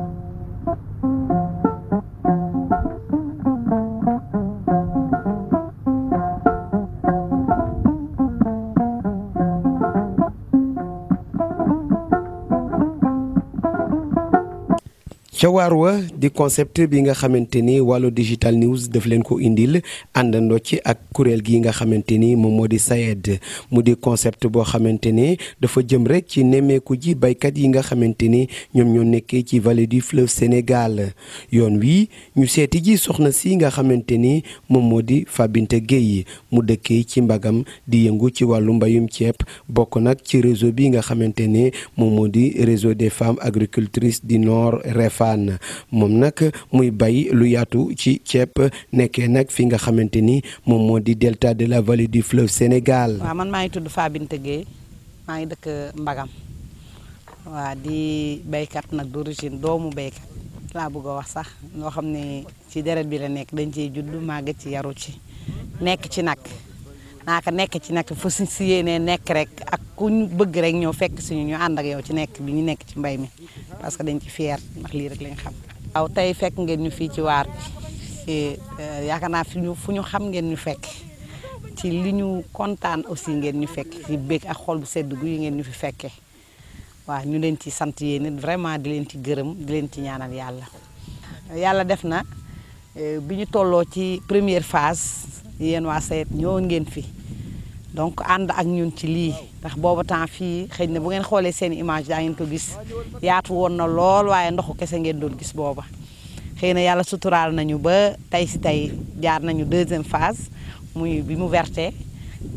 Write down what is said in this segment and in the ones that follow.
了。ca waar wa di concept bi nga xamante ni wàllu digital news daf leen ko indil àndandoo ci ak kuréel gi nga xamante ni moom moo di SAED mu di concept boo xamante ni dafa jëm rek ci nemmeeku ji baykat yi nga xamante ni ñoom ñoo nekkee ci vallée di fleuve Sénégal yoon wi ñu seeti ji soxna si nga xamante ni moom moo di Fabinta yi mu dëkkee ci mbagam di yëngu ci wàllu mbayum ceeb bokk nag ci réseau bi nga xamante ni moom moo di réseau des femmes agricultrices du Nord REFA Hann moom nag muy bay lu yaatu ci ceeb nekkee nag fi nga xamante ni moom moo di delta de la vallée du fleuve Sénégal. waaw man maa ngi tudd Fabinte Gueye maa ngi dëkk Mbagam waa di béykat nag d'origine doomu baykat laa bëgg a wax sax loo xam ne ci deret bi la nekk dañ ciy judd màgg ci yaru ci nekk ci nag naaka nekk ci nag fa si yéenee nekk rek ak. ku ñu bëgg rek ñoo fekk suñu ñu ànd ak yow ci nekk bi ñu nekk ci mbay mi parce que dañ ci fier ndax lii rek lañ xam. waaw tey fekk ngeen ñu fii ci waar bi euh, yaakaar naa fu ñu xam ngeen ñu fekk ci li ñu kontaan aussi ngeen ñu fekk ci bëgg ak xol bu sedd gu ngeen ñu fi fekkee waaw ñu leen ci sant yéen vraiment di leen ci gërëm di leen ci ñaanal yàlla. yàlla def na euh, bi ñu tolloo ci première phase yéen waa sayet ñëwoon ngeen fi. donc ànd ak ñun ci lii ndax booba temps fii xëy na bu ngeen xoolee seen image daa ngeen ko gis yaatu woon na lool waaye ndoxu kese ngeen doon gis booba xëy na yàlla suturaal nañu ba tey si tey jaar nañu deuxième phase muy bi mu werte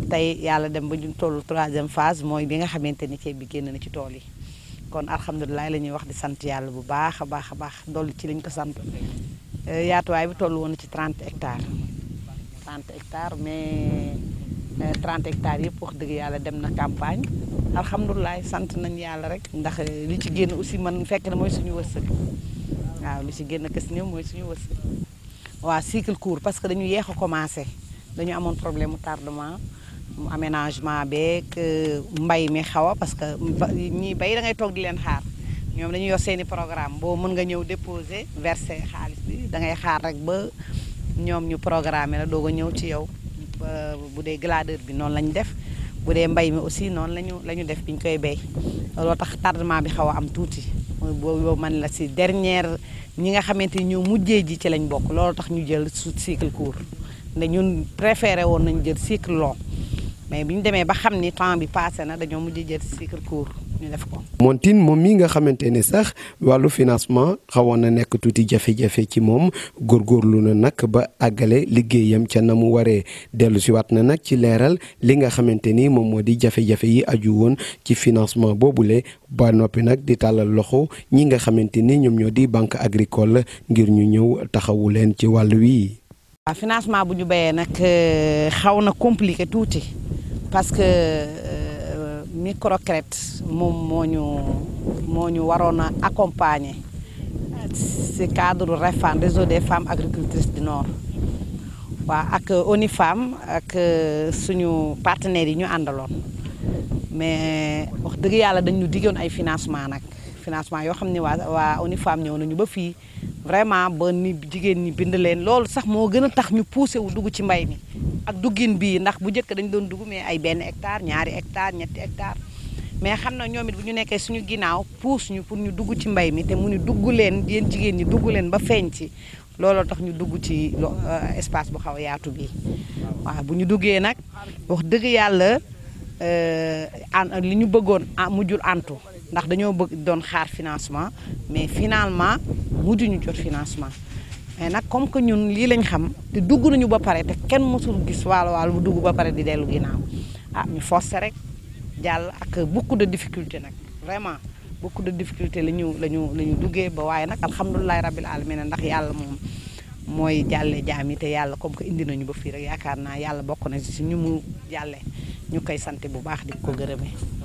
tey yàlla dem ba ñu toll troisième phase mooy bi nga xamante ni ceeb bi génn na ci tool yi kon alhamdulilah la ñuy wax di sant yàlla bu baax a baax a baax dolli ci liñ ko sant euh, yaatuwaay bi toll woon na ci 30 hectares 30 hectares mais euh, 30 hectares yëpp wax dëgg yàlla dem na campagne alhamdulilah sant nañ yàlla rek ndax euh, li ci génn aussi man fekk na mooy suñu wërsëg waaw lu ci génn kës néew mooy suñu wërsëg waaw cycle court parce que dañu yéex a commencer dañu amoon problème mu tardement mu aménagement beeg euh, mbay mi xaw a parce que ñii bay da ngay toog di leen xaar ñoom dañuy yor seeni programme boo mën nga ñëw déposer verser xaalis bi da ngay xaar rek ba ñoom ñu programme la doog a ñëw ci yow bu dee gladeur bi noonu lañu def bu dee mbay mi aussi noonu lañu la ñu def bi koy béy looloo tax tardement bi xaw a am tuuti boobu man la si dernière ñi nga xamante ni ñoo mujjee ji ci lañ bokk looloo tax ñu jël cycle court nda ñun préféré woon nañ jël cycle long mais bi ñu demee ba xam ni temps bi passé na dañoo mujj jël cycle court ñu def ko. Montine moom mi nga xamante ne sax wàllu financement xawoon na nekk tuuti jafe-jafe ci moom góor góorgóorlu na nag ba àggale liggéeyam ca na mu waree dellu si waat na nag ci leeral li nga xamante ni moom moo di jafe-jafe yi aju woon ci financement boobule ba noppi nag di tàllal loxo ñi nga xamante ni ñoom ñoo di banque agricole ngir ñu ñëw taxawu leen ci wàll wi. waaw financement bu ñu béyee nag euh, xaw na compliqué tuuti parce microcrète moom moo ñu moo ñu waroon a accompagner si cadre REFAN réseau des femmes agricultrices du nord waaw ak ONU Femmes ak suñu partenaires yi ñu àndaloon mais wax dëgg yàlla dañ diggoon ay financement nag financement yoo xam ne waa waa ONU Femmes ñëw nañu ba fii vraiment ba ni jigéen ñi bind leen loolu sax moo gën a tax ñu poussé wu dugg ci mbay mi ak dugin bi ndax bu jëkk dañ doon dugg mais ay benn hectare ñaari hectare ñetti hectare mais xam na ñoom it bu ñu nekkee suñu ginnaaw puus ñu pour ñu dugg ci mbay mi te mu ni dugg leen yéen jigéen ñi dugg leen ba feeñ ci looloo tax ñu dugg ci euh, espace bu xaw yaatu bi waaw bu ñu duggee nag wax dëgg yàlla euh, li ñu bëggoon ah, mujjul antu ndax dañoo bëgg doon xaar financement mais finalement mujjuñu jot financement mais nag comme que ñun lii lañ xam te dugg nañu ba pare te kenn mësul gis waalo waalo bu dugg ba pare di dellu ginnaaw ah ñu forcé rek jàll ak beaucoup de difficulté nag vraiment beaucoup de difficulté la ñu la ñu la ñu duggee ba waaye nag alhamdulilahi rabil alamin ndax yàlla moom mooy jàlle jaam yi te yàlla comme que indi nañu ba fii rek yaakaar naa yàlla bokk na si ñu mu jàlle ñu koy sant bu baax di ko gërëmee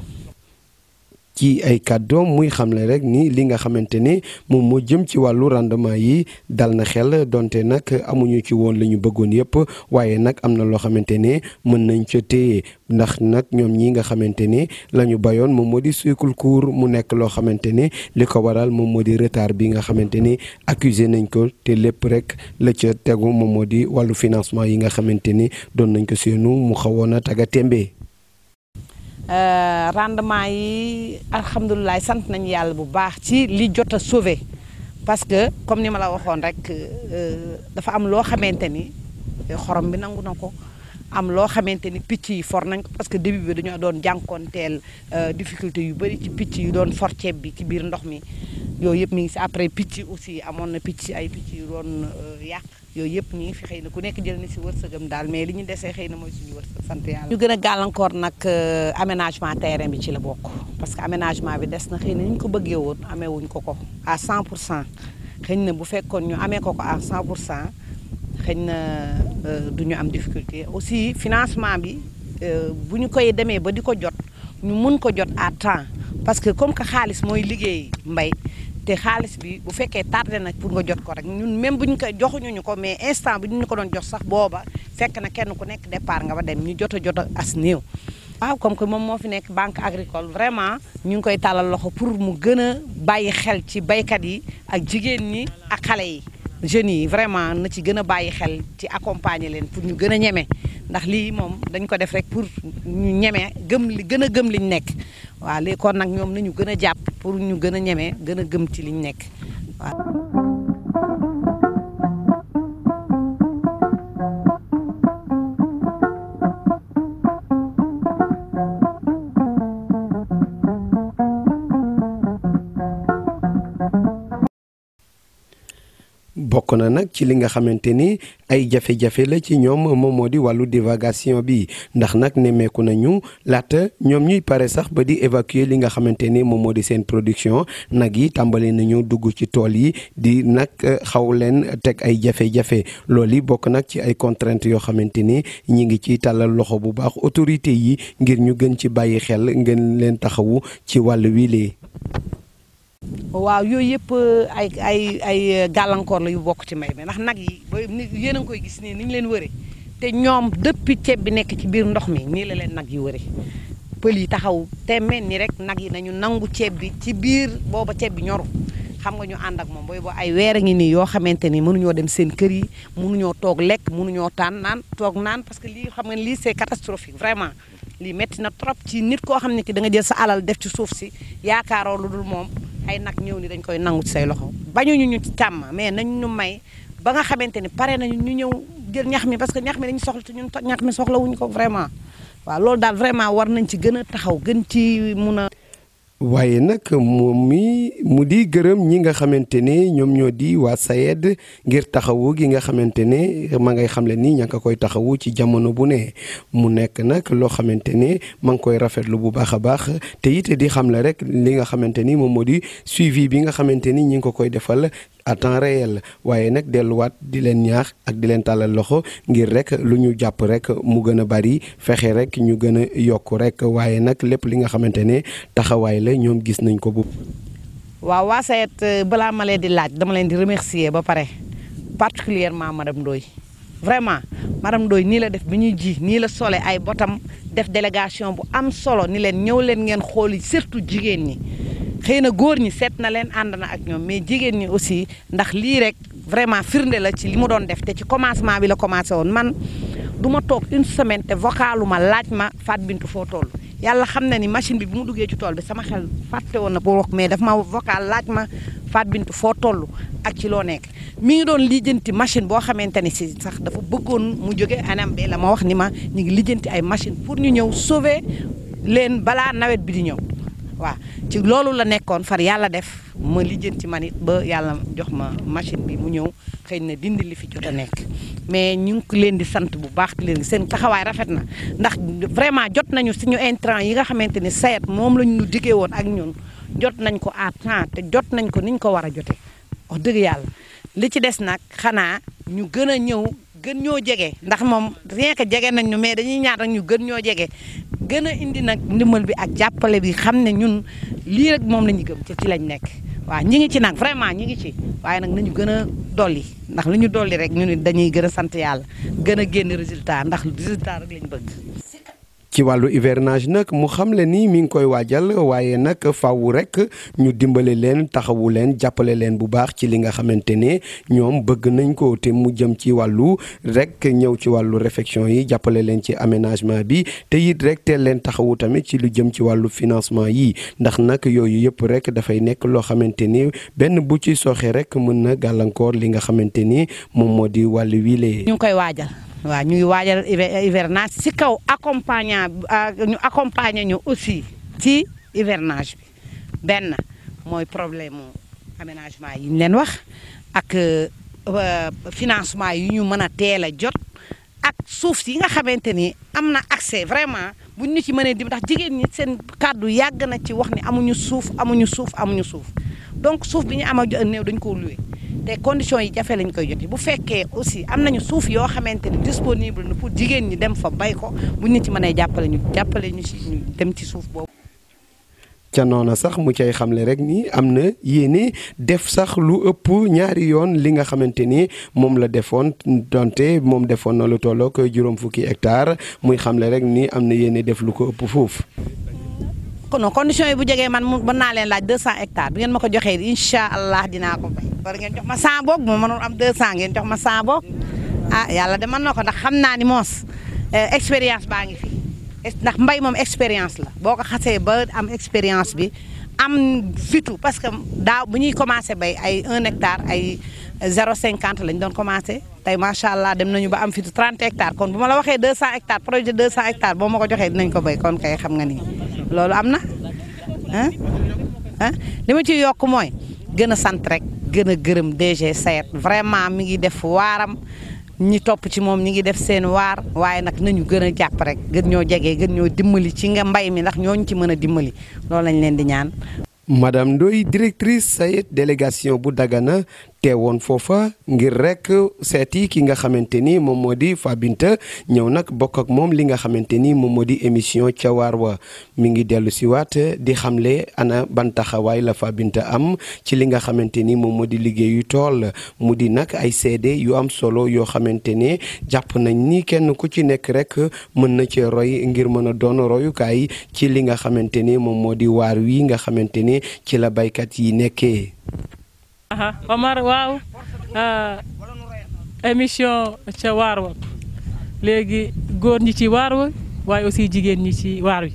ci ay kàddoom muy xamle rek ni li nga xamante ne moom moo jëm ci wàllu rendement yi dal na xel donte nag amuñu ci woon li ñu bëggoon yëpp waaye nag am na loo xamante ne mën nañ ca téye ndax nag ñoom ñi nga xamante ne la ñu bayoon moom moo di cycle court mu nekk loo xamante ne li ko waral moom moo di retard bi nga xamante ne accusé nañ ko te lépp rek la ca tegu moom moo di wàllu financement yi nga xamante ne doon nañ ko seenu mu xawoon a taga tembe Euh, rendement yi alhamdulilah sant nañu yàlla bu baax ci li jot a sauvé parce que comme ni ma la waxoon rek euh, dafa am loo xamante ni xorom bi nangu na ko am loo xamante ni picc yi for nañ ko parce que début bi dañoo doon jànkoonteel euh, difficulté yu bëri ci picc yu doon for ceeb bi ci biir ndox mi yooyu yëpp mi ngi si après picc aussi amoon na picc ay picc yu doon yàq yooyu yëpp ñu ngi fi xëy na ku nekk jël na si wërsëgam daal mais li ñu desee xëy na mooy suñu wërsëg sant yàlla. ñu gën a gàllankoor nag euh, aménagement terrain bi ci la bokk parce que aménagement bi des na xëy na ñu ko bëggee woon amee wuñ ko ko à 100 pour cent xëy na bu fekkoon ñu amee ko ko à 100 pour cent xëy na euh, du am difficulté aussi financement bi euh, bu ñu koy demee ba di ko jot ñu mun ko jot à temps parce que comme que xaalis mooy liggéey mbay. te xaalis bi bu fekkee tardé na pour nga jot ko rek ñun même bu ñu ko joxuñu ñu ko mais instant bi ñu ko doon jox sax booba fekk na kenn ku nekk départ nga ba dem ñu jot a jot as néew. waaw comme que moom moo fi nekk banque agricole vraiment ñu ngi koy tàllal loxo pour mu gën a bàyyi xel ci baykat yi ak jigéen ñi ak xale yi jeunes yi vraiment na ci gën a bàyyi xel ci accompagner leen pour ñu gën a ñeme ndax lii moom dañ ko def rek pour ñu ñeme gëm li gën a gëm liñ nekk. waaw léegi kon nag ñoom nañu gën a jàpp pour ñu gën a ñemee gën a gëm ci liñ nekk waaw bokk na nag ci li nga xamanteni ay jafé jafé la ci ñom moom moo di divagation bi ndax nag nemmeeku nañu laata ñom ñuy paré sax ba di évacuer li nga xamanteni ni seen production nak yi tambalé nañu dugg ci tool yi di nak eh, xaw leen teg ay jafé jafé loli yi bokk nag ci ay contraintes yo xamanteni ñi ngi loxo bu baax autorité yi ngir ñu gën ci bayyi xel ngeen len taxawu ci walu wi waaw yooyu yëpp euh, ay ay ay euh, gàllankoor la yu bokk ci may mi ndax nag yi ba yéen a ngi koy gis nii ni leen wëree te ñoom depuis ceeb bi nekk ci biir ndox mi nii la leen nag yi wëree pël yi taxaw te mel ni rek nag yi nañu nangu ceeb bi ci biir booba ceeb bi ñoru xam nga ñu ànd ak moom booy ay weer a ngi nii yoo xamante ni mënuñoo dem seen kër yi munuñoo toog lekk munuñoo taan naan toog naan parce que lii xam nga lii c'est catastrophique vraiment lii métti na trop ci nit koo xam ne ki da nga jël sa alal def ci suuf si yaakaaroo lu dul moom ay nag ñëw ni dañ koy nangu ci say loxo bañuñu ñu ci càmm mais nañ ñu may ba nga xamante ni pare nañu ñu ñëw jël ñax mi parce que ñax mi dañu soxla te ñun ñax mi soxla wuñu ko vraiment waa loolu daal vraiment war nañ ci gën a taxaw gën ci mun a waaye nag moom mi mu di gërëm ñi nga xamante ne ñoom ñoo di waa SAED ngir taxawu gi nga xamante ne ma ngay xamle ni ña nga koy taxawu ci jamono bu ne mu nekk nag loo xamante ne ma ngi koy rafetlu bu baax a baax te it di xamle rek li nga xamante ni moom moo di suivi bi nga xamante ni ñi ngi ko koy defal à temps réel waaye nag delluwaat di leen ñaax ak di leen tàllal loxo ngir rek lu ñu jàpp rek mu gën a bari fexe rek ñu gën a yokk rek waaye nag lépp li nga xamante ne taxawaay la ñoom gis nañ ko bu. waaw waa SAED euh, balaa ma leen di laaj dama leen di remercier ba pare particulièrement madame Ndoye vraiment madame nii la def bi ñuy ji nii la sole ay bootam def délégation bu am solo ni leen ñëw leen ngeen xooli surtout jigéen ñi. xëy na góor ñi seet na leen ànd na ak ñoom mais jigéen ñi aussi ndax lii rek vraiment firnde la ci li mu doon def te ci commencement bi la commencé woon man duma toog une semaine te vocalu ma laaj ma Fatou Bintou foo toll. yàlla xam na ni machine bi bu mu duggee ci tool bi sama xel fàtte woon na boo wax mais daf ma vocal laaj ma Fatou Bintou foo toll ak ci loo nekk mi ngi doon lijjanti machine boo xamante ni si sax dafa bëggoon mu jóge anam bi la ma wax ni ma ñu ngi lijjanti ay machine pour ñu ñëw sauver leen balaa nawet bi di ñëw. waaw ci loolu la nekkoon far yàlla def ma lijjanti man it ba yàlla jox ma machine bi mu ñëw xëy na dindi li fi jot a nekk mais ñu ngi leen di sant bu baax di leen seen taxawaay rafet na ndax vraiment jot nañu suñu intrant yi nga xamante ni sayet moom lañu ñu diggee woon ak ñun jot nañ ko à temps te jot nañ ko niñ ko war a jote wax dëgg yàlla li ci des nag xanaa ñu gën a ñëw gën ñoo jege ndax moom rien que jege nañ ñu mais dañuy ñaan rek ñu gën ñoo jege gën a indi nag ndimbal bi ak jàppale bi xam ne ñun lii rek moom la ñu gëm ci ci lañ nekk waaw ñi ngi ci nag vraiment ñi ngi ci waaye nag nañu gën a dolli ndax lu ñu dolli rek ñu ne dañuy gën a sant yàlla gën a génn résultat ndax résultat rek lañ bëgg ci wàllu hivernage nag mu xam le ni mi ngi koy waajal waaye nag faaw rek ñu dimbale leen taxawu leen jàppale leen bu baax ci li nga xamante ne ñoom bëgg nañ ko te mu jëm ci wàllu rek ñëw ci wàllu réfection yi jàppale leen ci aménagement bi te it rek leen taxawu tamit ci lu jëm ci wàllu financement yi ndax nag yooyu yëpp rek dafay nekk loo xamante ni benn bu ci sooxe rek mën na gàllankoor li nga xamante ni moom moo di wàllu wiile. ñu ngi koy waajal. waaw ñuy waajal hivernage si kaw accompagnant ah, ñu accompagner ñu aussi si hivernage bi benn mooy problème mu aménagement yi leen wax ak euh, financement yi ñu mën a teel a jot ak suuf si yi nga xamante ni am na accès vraiment buñ ñu ci mënee dim ndax jigéen ñi seen kàddu yàgg na ci wax ni amuñu suuf amuñu suuf amuñu suuf donc suuf bi ñu am ak néew dañ koo loué te conditions yi jafe lañ koy jot bu fekkee aussi am nañu suuf yoo xamante ni disponible na pour jigéen ñi dem fa bay ko bu ñu ci mënee jàppale ñu jàppale ñu si ñu dem ci suuf boobu. ca noona sax mu cay xamle rek nii am na yéene def sax lu ëpp ñaari yoon li nga xamante ni moom la defoon donte moom defoon na lu tollook juróom fukki hectare muy xamle rek nii am na yéene def lu ko ëpp foofu. non condition yi bu jegee man mën naa leen laaj 200 hectares bi ngeen ma ko joxee incha allah dinaa ko bay war ngeen jox ma 100 boog bu am 200 ngeen jox ma 100 boog ah yàlla de na ko ndax xam naa ni moos eh, expérience baa ngi fi ndax mbay moom expérience la boo ko xasee ba am expérience bi am fitu parce que daaw bu ñuy commencé bay ay 1 ay 0,50 lañ doon commencé tey macha allah dem nañu ba am fitu 30 hectares kon bu ma la waxee 200 ko joxee dinañ ko bay kon kay xam nga nii. loolu am na ah ah li ma ciy yokk mooy gën a sant rek gën a gërëm DG Sayet vraiment mu ngi def waaram ñi topp ci moom ñi ngi def seen waar waaye nag nañu gën a jàpp rek gën ñoo jege gën ñoo dimbali ci nga mbay mi ndax ñoo ñu ci mën a dimbali loolu lañ leen di ñaan. Madame Ndoye directrice Sayet délégation bu Dagana. te teewoon foofa ngir rek seeti ki nga xamante ni moom moo di Fabinta ñëw nag bokk ak moom li nga xamante ni moom moo di émission ca waar wa mi ngi dellu si waat di xamle ana ban la Fabinta am ci li nga xamante ni moom moo di liggéeyu tool mu di nag ay seede yu am solo yoo xamante ne jàpp nañ ni kenn ku ci nekk rek mën na cee roy ngir mën a doon royukaay ci li nga xamante ni moom moo di waar wi nga xamante ni ci la baykat yi nekkee. Omar waaw ah, émission ca waar wa léegi góor ñi ci waar wa waaye aussi jigéen ñi ci waar wi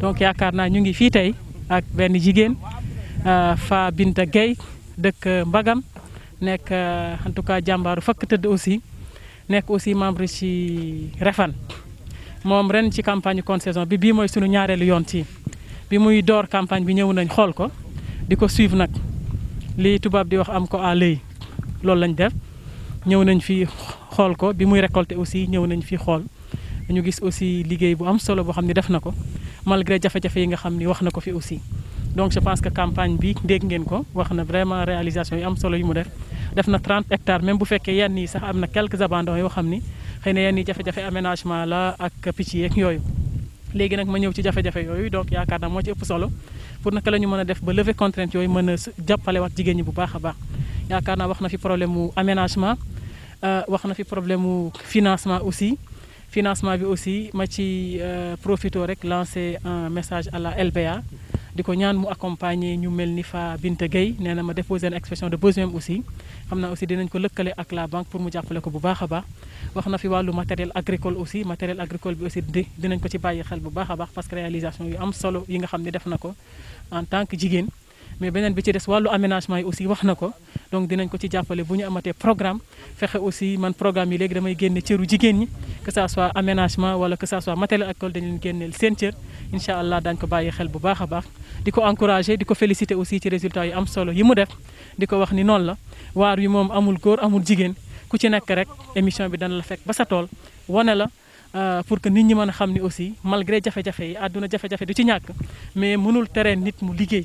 donc yaakaar naa ñu ngi fii tey ak benn jigéen ah, Fa Binta Gueye dëkk Mbagam nekk ah, en tout cas jàmbaaru fakk tëdd aussi nekk aussi membre ci Refane moom ren ci campagne contre saison bi bii mooy sunu ñaareelu yoon ci bi muy door campagne bi ñëw nañ xool ko di ko suivre nag li tubaab di wax am ko à l'œil loolu lañ def ñëw nañ fi xool ko bi muy récolter aussi ñëw nañ fi xool ñu gis aussi liggéey bu am solo boo xam ne def na ko malgré jafe-jafe yi nga xam ni wax na ko fi aussi donc je pense que campagne bi dégg ngeen ko wax na vraiment réalisation yi am solo yu mu def def na 30 hectares même bu fekkee yenn yi sax am na quelques abandons yoo xam ni xëy na yenn yi jafe-jafe aménagement la ak picc yeeg yooyu léegi nag ma ñëw ci jafe yooyu donc yaakaar naa moo ci solo pour naka la ñu mën a def ba lever contrainte yooyu mën a jàppale wax jigéen ñi bu baax a baax yaakaar naa wax na fi problème mu aménagement euh, wax na fi problème mu financement aussi financement bi aussi ma ci euh, profito rek lancer un message à la LBA di ko ñaan mu accompagner ñu mel ni Fa Binta Gueye nee na ma déposé une expression de besoin aussi xam naa aussi dinañ ko lëkkale ak la banque pour mu jàppale ko bu baax a baax wax na fi wàllu matériel agricole aussi matériel agricole bi aussi di dinañ ko ci bàyyi xel bu baax a baax parce que réalisation yu am solo yi nga xam ne def na ko en tant que jigéen mais beneen bi ci des wàllu aménagement yi aussi wax na ko donc dinañ ko ci jàppale bu ñu amatee programme fexe aussi man programme yi léegi damay génne cëru jigéen ñi que sa soit aménagement wala que ça soit matériel agricole dañ leen génneel seen cër incha allah daañ ko bàyyi xel bu baax a baax di ko encouragé di ko félicité aussi ci résultat yu am solo yi mu def di ko wax ni noonu la waar wi moom amul góor amul jigéen ku ci nekk rek émission bi dana la fekk ba sa tool wane la euh, pour que nit ñi mën a xam ni aussi malgré jafe-jafe yi àdduna jafe-jafe ci ñàkk mais mënul tere nit mu liggéey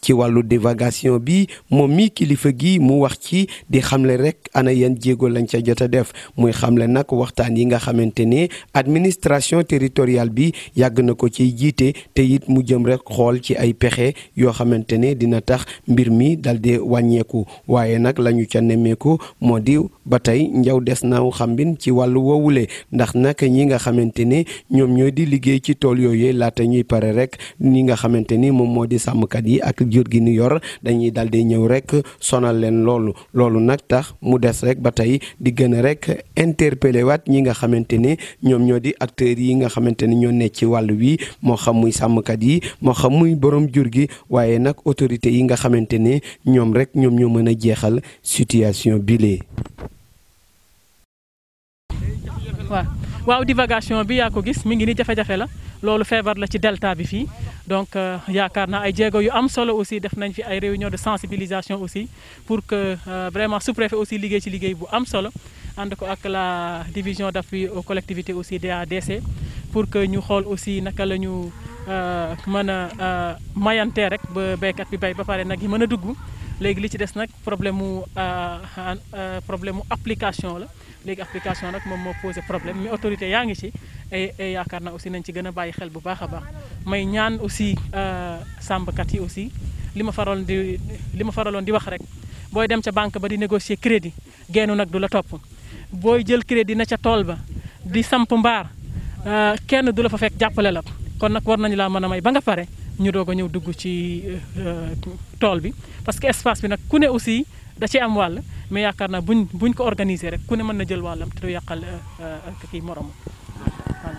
ci wàllu divagation bi moom mi kilifa gi mu wax ci di xamle rek ana yan jéego lañ ca jot a def muy xamle nag waxtaan yi nga xamante ne administration territoriale bi yàgg na ko ciy jiite te it mu jëm rek xool ci ay pexe yoo xamante ne dina tax mbir mi dal wàññeeku waaye nag la ñu ca nemmeeku moo di ba tey njaw des na xambin ci wàllu woowule ndax naka ñi nga xamante ne ñoom ñoo di liggéey ci tool yooyu laata ñuy pare rek ñi nga xamante ni moom moo di sàmmkat yi ak jur gi ñu yor dañuy daal di ñëw rekk sonal leen loolu loolu nag tax mu des rek ba tey di gëna rekk rek waat ñi nga xamante ne ñoom ñoo di acteurs yi nga xamante ne ñoo nekk ci wàll wi moo xam sàmmkat yi moo xam muy borom jur gi waaye nag autorités yi nga xamante ne ñoom rek ñoom ñoo mën a jeexal situation bile. waaw bi yaa la. loolu feebar la ci delta bi fii donc euh, yaakaar naa ay jéego yu am solo aussi def nañ fi ay réunion de sensibilisation aussi pour que euh, vraiment sous-préfet aussi liggéey ci liggéey bu am solo ànd ko ak la division d'appui aux collectivités aussi DADC pour que ñu xool aussi naka la ñu euh, mën a mayantee rek ba béykat bi bay ba pare nag yi mën a dugg léegi li ci des nag problème mu problème application la léegi application nag moom moo posé problème mais autorité yaa ngi ci et yaakaar na aussi nañ ci gën a bàyyi xel bu baax a baax may ñaan aussi euh, sàmmkat yi aussi li ma faral di li ma faraloon di wax rek booy dem ca banque ba di négocier crédit geenu nag du la topp booy jël crédit na ca tool ba di samp mbaar euh, kenn du la fa fekk jàppale la kon nag war nañu laa mën a may ba nga pare ñu doog a ñëw dugg ci euh, tool bi parce espace bi nag ku ne aussi da ci am wàll mais yaakaar na buñ buñ ko organiser rek ku ne mën na jël wàllam te du yàqal euh, euh, kii moromam